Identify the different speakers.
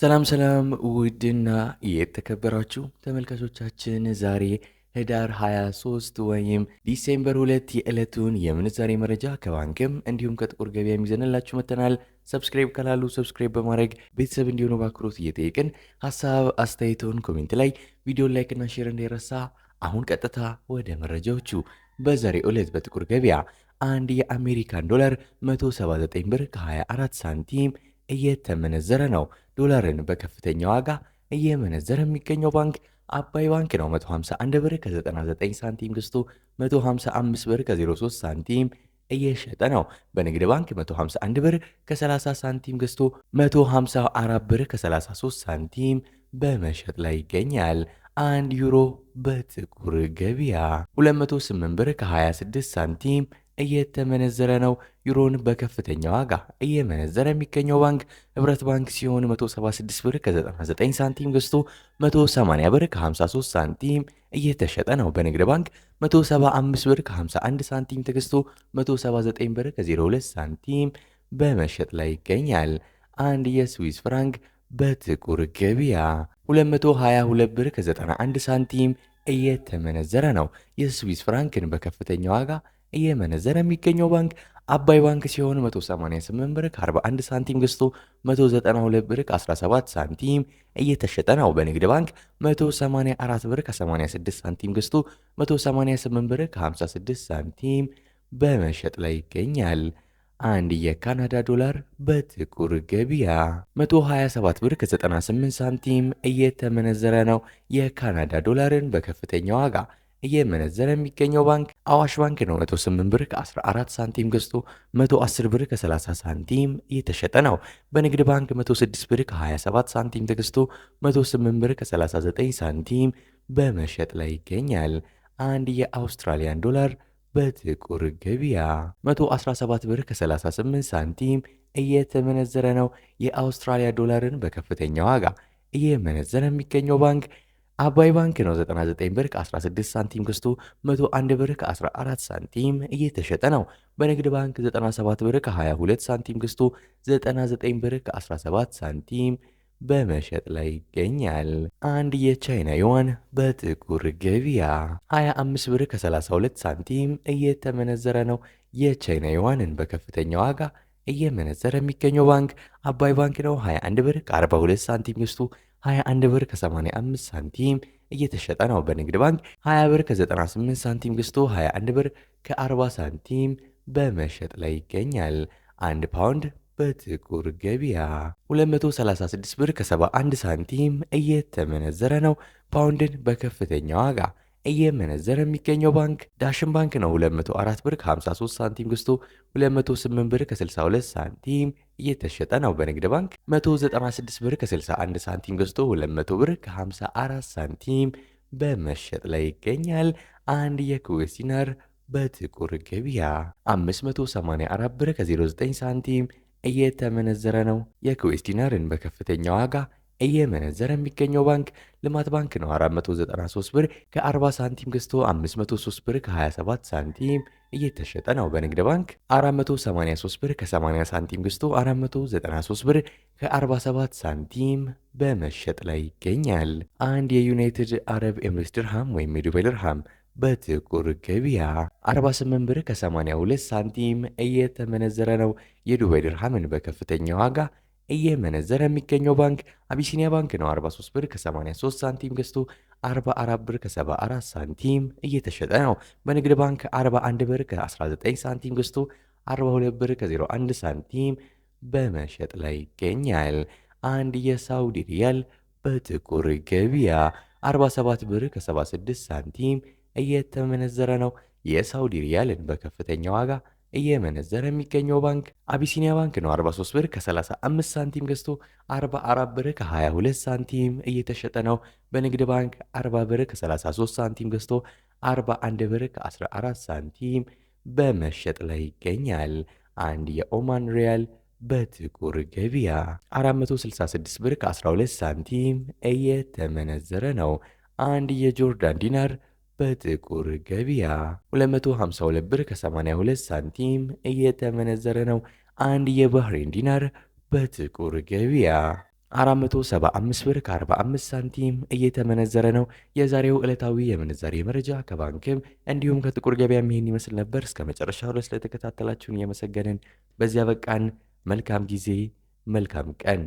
Speaker 1: ሰላም ሰላም ውድና የተከበራችሁ ተመልካቾቻችን ዛሬ ህዳር 23 ወይም ዲሴምበር 2 የዕለቱን የምንዛሬ መረጃ ከባንክም እንዲሁም ከጥቁር ገበያ የሚዘንላችሁ መጥተናል። ሰብስክራይብ ካላሉ ሰብስክራይብ በማድረግ ቤተሰብ እንዲሆኑ በአክብሮት እየጠየቅን ሀሳብ አስተያየተውን ኮሜንት ላይ ቪዲዮ ላይክና ሼር እንዳይረሳ። አሁን ቀጥታ ወደ መረጃዎቹ። በዛሬ ዕለት በጥቁር ገበያ አንድ የአሜሪካን ዶላር 179 ብር ከ24 ሳንቲም እየተመነዘረ ነው። ዶላርን በከፍተኛ ዋጋ እየመነዘረ የሚገኘው ባንክ አባይ ባንክ ነው። 151 ብር ከ99 ሳንቲም ገዝቶ 155 ብር ከ03 ሳንቲም እየሸጠ ነው። በንግድ ባንክ 151 ብር ከ30 ሳንቲም ገዝቶ 154 ብር ከ33 ሳንቲም በመሸጥ ላይ ይገኛል። አንድ ዩሮ በጥቁር ገበያ 208 ብር ከ26 ሳንቲም እየተመነዘረ ነው። ዩሮን በከፍተኛ ዋጋ እየመነዘረ የሚገኘው ባንክ ህብረት ባንክ ሲሆን 176 ብር ከ99 ሳንቲም ገዝቶ 180 ብር ከ53 ሳንቲም እየተሸጠ ነው። በንግድ ባንክ 175 ብር ከ51 ሳንቲም ተገዝቶ 179 ብር ከ02 ሳንቲም በመሸጥ ላይ ይገኛል። አንድ የስዊስ ፍራንክ በጥቁር ገበያ 222 ብር ከ91 ሳንቲም እየተመነዘረ ነው። የስዊስ ፍራንክን በከፍተኛ ዋጋ እየመነዘረ የሚገኘው ባንክ አባይ ባንክ ሲሆን 188 ብር 41 ሳንቲም ገዝቶ 192 ብር 17 ሳንቲም እየተሸጠ ነው። በንግድ ባንክ 184 ብር 86 ሳንቲም ገዝቶ 188 ብር 56 ሳንቲም በመሸጥ ላይ ይገኛል። አንድ የካናዳ ዶላር በጥቁር ገበያ 127 ብር ከ98 ሳንቲም እየተመነዘረ ነው። የካናዳ ዶላርን በከፍተኛ ዋጋ እየመነዘረ የሚገኘው ባንክ አዋሽ ባንክ ነው። 108 ብር ከ14 ሳንቲም ገዝቶ 110 ብር ከ30 ሳንቲም እየተሸጠ ነው። በንግድ ባንክ 106 ብር ከ27 ሳንቲም ተገዝቶ 108 ብር ከ39 ሳንቲም በመሸጥ ላይ ይገኛል። አንድ የአውስትራሊያን ዶላር በጥቁር ገበያ 117 ብር ከ38 ሳንቲም እየተመነዘረ ነው። የአውስትራሊያ ዶላርን በከፍተኛ ዋጋ እየመነዘረ የሚገኘው ባንክ አባይ ባንክ ነው 99 ብር ከ16 ሳንቲም ገዝቶ 101 ብር ከ14 ሳንቲም እየተሸጠ ነው። በንግድ ባንክ 97 ብር ከ22 ሳንቲም ገዝቶ 99 ብር ከ17 ሳንቲም በመሸጥ ላይ ይገኛል። አንድ የቻይና ዩዋን በጥቁር ገበያ 25 ብር ከ32 ሳንቲም እየተመነዘረ ነው። የቻይና ዩዋንን በከፍተኛ ዋጋ እየመነዘረ የሚገኘው ባንክ አባይ ባንክ ነው። 21 ብር ከ42 ሳንቲም ገዝቶ 21 ብር ከ85 ሳንቲም እየተሸጠ ነው። በንግድ ባንክ 20 ብር ከ98 ሳንቲም ገዝቶ 21 ብር ከ40 ሳንቲም በመሸጥ ላይ ይገኛል። አንድ ፓውንድ በጥቁር ገበያ 236 ብር ከ71 ሳንቲም እየተመነዘረ ነው። ፓውንድን በከፍተኛ ዋጋ እየመነዘረ የሚገኘው ባንክ ዳሽን ባንክ ነው። 204 ብር 53 ሳንቲም ገዝቶ 208 ብር ከ62 ሳንቲም እየተሸጠ ነው። በንግድ ባንክ 196 ብር ከ61 ሳንቲም ገዝቶ 200 ብር 54 ሳንቲም በመሸጥ ላይ ይገኛል። አንድ የኩዌት ዲናር በጥቁር ገበያ 584 ብር 09 ሳንቲም እየተመነዘረ ነው። የኩዌት ዲናርን በከፍተኛ ዋጋ እየመነዘረ የሚገኘው ባንክ ልማት ባንክ ነው። 493 ብር ከ40 ሳንቲም ገዝቶ 503 ብር ከ27 ሳንቲም እየተሸጠ ነው። በንግድ ባንክ 483 ብር ከ80 ሳንቲም ገዝቶ 493 ብር ከ47 ሳንቲም በመሸጥ ላይ ይገኛል። አንድ የዩናይትድ አረብ ኤምሬትስ ድርሃም ወይም የዱባይ ድርሃም በጥቁር ገበያ 48 ብር ከ82 ሳንቲም እየተመነዘረ ነው። የዱባይ ድርሃምን በከፍተኛ ዋጋ እየመነዘረ የሚገኘው ባንክ አቢሲኒያ ባንክ ነው። 43 ብር ከ83 ሳንቲም ገዝቶ 44 ብር ከ74 ሳንቲም እየተሸጠ ነው። በንግድ ባንክ 41 ብር ከ19 ሳንቲም ገዝቶ 42 ብር ከ01 ሳንቲም በመሸጥ ላይ ይገኛል። አንድ የሳውዲ ሪያል በጥቁር ገበያ 47 ብር ከ76 ሳንቲም እየተመነዘረ ነው። የሳውዲ ሪያልን በከፍተኛ ዋጋ እየመነዘረ የሚገኘው ባንክ አቢሲኒያ ባንክ ነው። 43 ብር ከ35 ሳንቲም ገዝቶ 44 ብር ከ22 ሳንቲም እየተሸጠ ነው። በንግድ ባንክ 40 ብር ከ33 ሳንቲም ገዝቶ 41 ብር ከ14 ሳንቲም በመሸጥ ላይ ይገኛል። አንድ የኦማን ሪያል በጥቁር ገበያ 466 ብር ከ12 ሳንቲም እየተመነዘረ ነው። አንድ የጆርዳን ዲናር በጥቁር ገበያ 252 ብር ከ82 ሳንቲም እየተመነዘረ ነው። አንድ የባህሬን ዲናር በጥቁር ገበያ 475 ብር ከ45 ሳንቲም እየተመነዘረ ነው። የዛሬው ዕለታዊ የምንዛሬ መረጃ ከባንክም እንዲሁም ከጥቁር ገበያ ይህን ይመስል ነበር። እስከ መጨረሻ ድረስ ስለተከታተላችሁን እያመሰገንን በዚያ በቃን። መልካም ጊዜ፣ መልካም ቀን